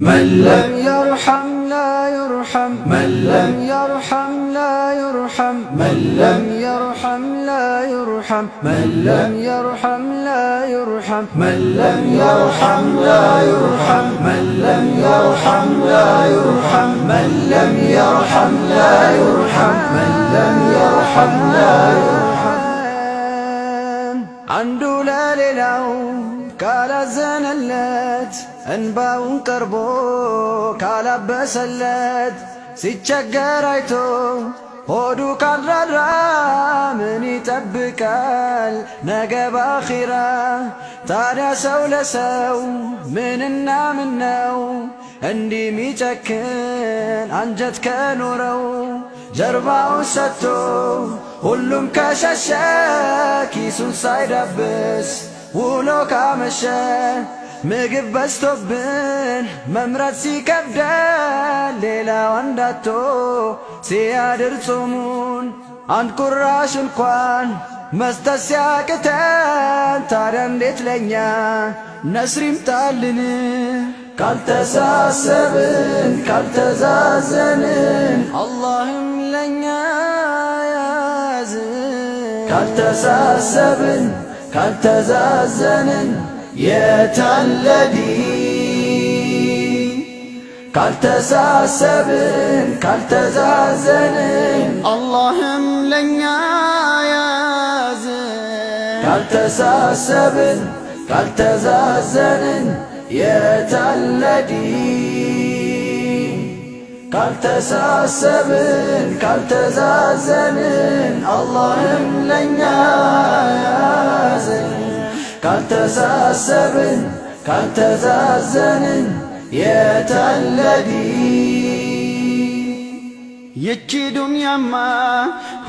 من لم يرحم لا يرحم من لم يرحم لا يرحم من لم يرحم لا يرحم من لم يرحم لا يرحم من لم يرحم لا يرحم من لم يرحم لا يرحم من لم يرحم لا يرحم من لم يرحم لا يرحم አንዱ ለሌላው ካላዘነለት እንባውን ቀርቦ ካላበሰለት ሲቸገር አይቶ ሆዱ ካልራራ ምን ይጠብቃል ነገ ባኺራ? ታዲያ ሰው ለሰው ምንና ምን ነው እንዲህ ሚጨክን አንጀት ከኖረው ጀርባውን ሰጥቶ ሁሉም ከሸሸ ኪሱን ሳይዳብስ ውሎ ካመሸ ምግብ በዝቶብን መምራት ሲከብደን ሌላው አንዳቶ ሲያድር ጾሙን አንድ ቁራሽ እንኳን መስጠት ሲያቅተን ታዲያ እንዴት ለእኛ ነስሪም ጣልን ካልተሳሰብን ካልተዛዘንን አላህም ለኛ ያዝ ካልተሳሰብን ካልተዛዘንን የታለዲ ካልተሳሰብን ካልተዛዘንን አላህም ለኛ ያዝ ካልተሳሰብን ካልተዛዘንን የታለዲ ካልተሳሰብን ካልተዛዘንን አላህም ለኛ ያዘን። ካልተሳሰብን ካልተዛዘንን የተለዲ ይቺ ዱንያማ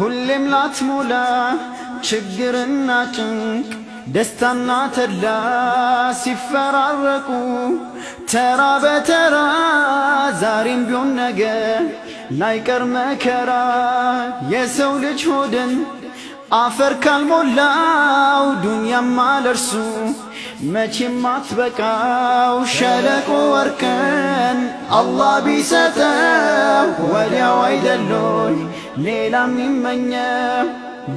ሁሌም ላትሞላ ችግርና ጭንቅ ደስታና ተድላ ሲፈራረቁ ተራ በተራ ዛሬም ቢሆን ነገ ላይቀር መከራ የሰው ልጅ ሆድን አፈር ካልሞላው ዱንያማ ለርሱ መቼም አትበቃው። ሸለቆ ወርቅን አላህ ቢሰጠው ወዲያው አይደሎይ ሌላም ይመኘ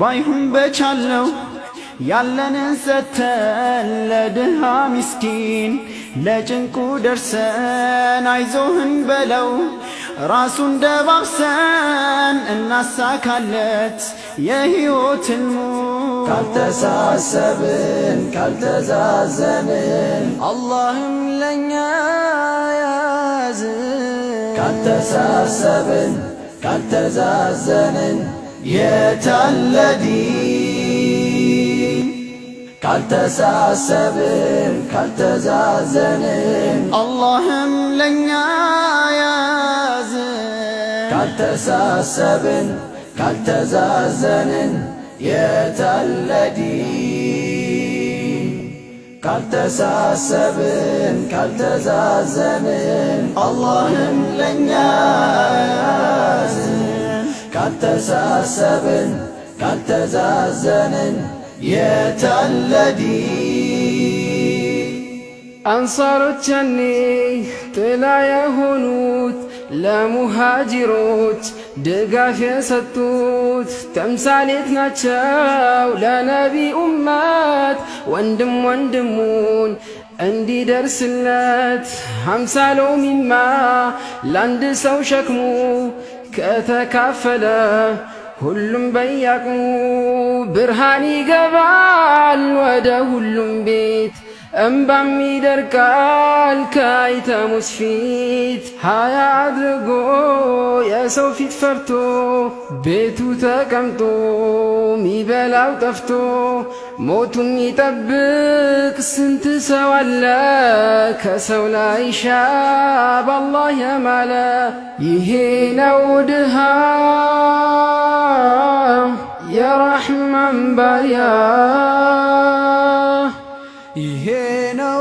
ባይሁን በቻለው ያለንን ሰተን ለድሃ ምስኪን ለጭንቁ ደርሰን አይዞህን በለው ራሱን ደባብሰን እናሳካለት የሕይወት ሕልሙን ካልተሳሰብን ካልተዛዘንን አላህም ለእኛ ያዝ ካልተሳሰብን ካልተዛዘንን የታለ ካልተሳሰብን ካልተዛዘንን አላህም ለኛ ያዝን። ካልተሳሰብን ካልተዛዘንን የተለዲን ካልተሳሰብን ካልተዛዘንን አላህም ለኛ ያዝን። ካልተሳሰብን ካልተዛዘንን የታለዲ አንሳሮች ጥላ የሆኑት ለሙሃጅሮች ድጋፍ የሰጡት ተምሳሌት ናቸው ለነቢ ኡመት ወንድም ወንድሙን እንዲደርስለት ሀምሳ ሎሚማ ለአንድ ሰው ሸክሙ ከተካፈለ ሁሉም በያቅሙ ብርሃን ይገባል ወደ ሁሉም ቤት እምባም ይደርቃል ከአይተሙስ ፊት ሀያ አድርጎ የሰው ፊት ፈርቶ ቤቱ ተቀምጦ ሚበላው ጠፍቶ ሞቱን ይጠብቅ ስንት ሰው አለ ከሰው ላይ ሻ በአላህ ያማለ ይሄ ነው ድሃ የራሕማን ባሪያ ይሄ ነው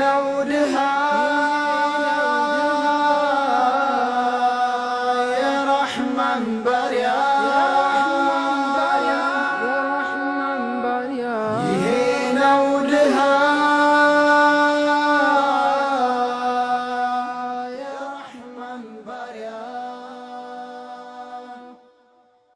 the how